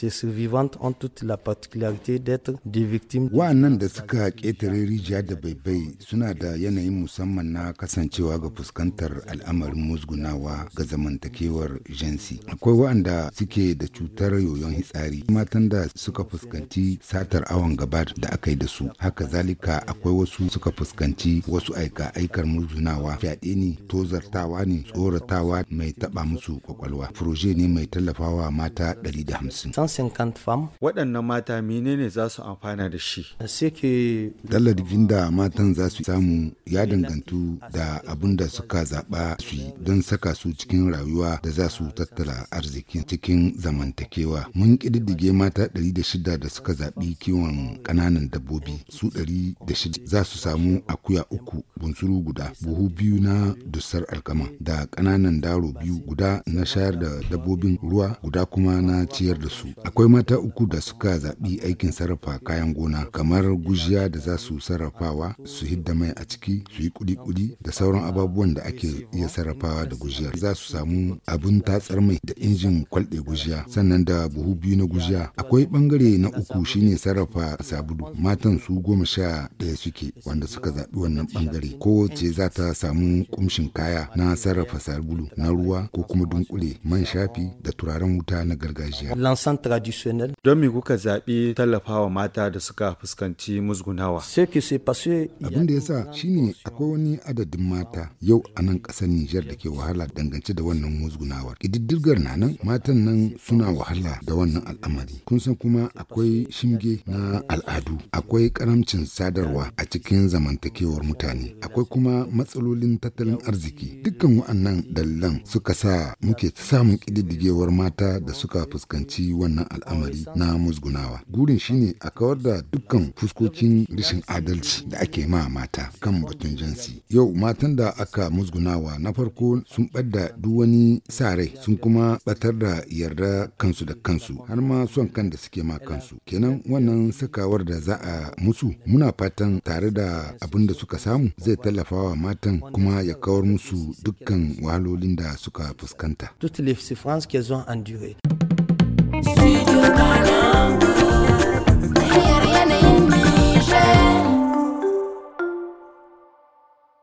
c'est survivantes ont toute la particularité d'être des victimes. Wa'annan da suka ƙetare rijiya da baibai suna da yanayin musamman na kasancewa ga fuskantar al'amarin musgunawa ga zamantakewar jinsi. Akwai wa'anda suke da cutar yoyon hitsari, matan da suka fuskanci satar awon gaba da aka yi da su. Haka zalika akwai wasu suka fuskanci wasu aika aikar musgunawa, fyaɗe ne, tozartawa ne, tsoratawa mai taɓa musu kwakwalwa. Furoje ne mai tallafawa mata 150. Waɗannan mata menene za su amfana da shi? Tallafin da matan za su samu ya dangantu da abin da suka zaɓa su don saka su cikin rayuwa da za su tattara arziki cikin zamantakewa. Mun ƙididdige mata 600 da suka zaɓi kiwon ƙananan dabbobi su 106 za su samu akuya uku bunsuru guda buhu biyu na dusar alkama da ƙananan daro biyu guda na shayar da dabbobin ruwa guda kuma na ciyar da su Akwai mata uku da suka zaɓi aikin sarrafa kayan gona kamar gujiya da za su sarrafawa su hidda mai a ciki su yi kuli-kuli da sauran ababuwan da ake iya sarrafawa da gujiya. Za su samu abin tatsar mai da injin kwalɗe gujiya sannan da buhu biyu na gujiya. Akwai bangare na uku shine sarrafa sabulu matan su goma sha ɗaya suke wanda suka zaɓi wannan ɓangare ce za ta samu kumshin kaya na sarrafa sabulu na ruwa ko kuma dunkule man shafi da turaren wuta na gargajiya. traditionnel. Don me kuka zaɓi tallafawa mata da suka fuskanci musgunawa? Abin da ya shine akwai wani adadin mata yau a nan ƙasar Nijar da ke wahala dangance da wannan musgunawar. kididdigar na nan matan nan suna wahala da wannan al'amari. Kun san kuma akwai shinge na al'adu, akwai karamcin sadarwa a cikin zamantakewar mutane, akwai kuma matsalolin tattalin arziki. Dukkan wa'annan dallan suka sa muke samun ƙididdigewar mata da suka fuskanci wannan wannan al'amari na musgunawa gurin shine a kawar da dukkan fuskokin rashin adalci da ake ma mata kan batun jinsi yau matan da aka musgunawa na farko sun ɓadda duk wani sa rai sun kuma ɓatar da yarda kansu da kansu har ma son kan da suke ma kansu kenan wannan sakawar da za a musu muna fatan tare da abin da suka samu zai tallafa wa matan kuma ya kawar musu dukkan wahalolin da suka fuskanta. you want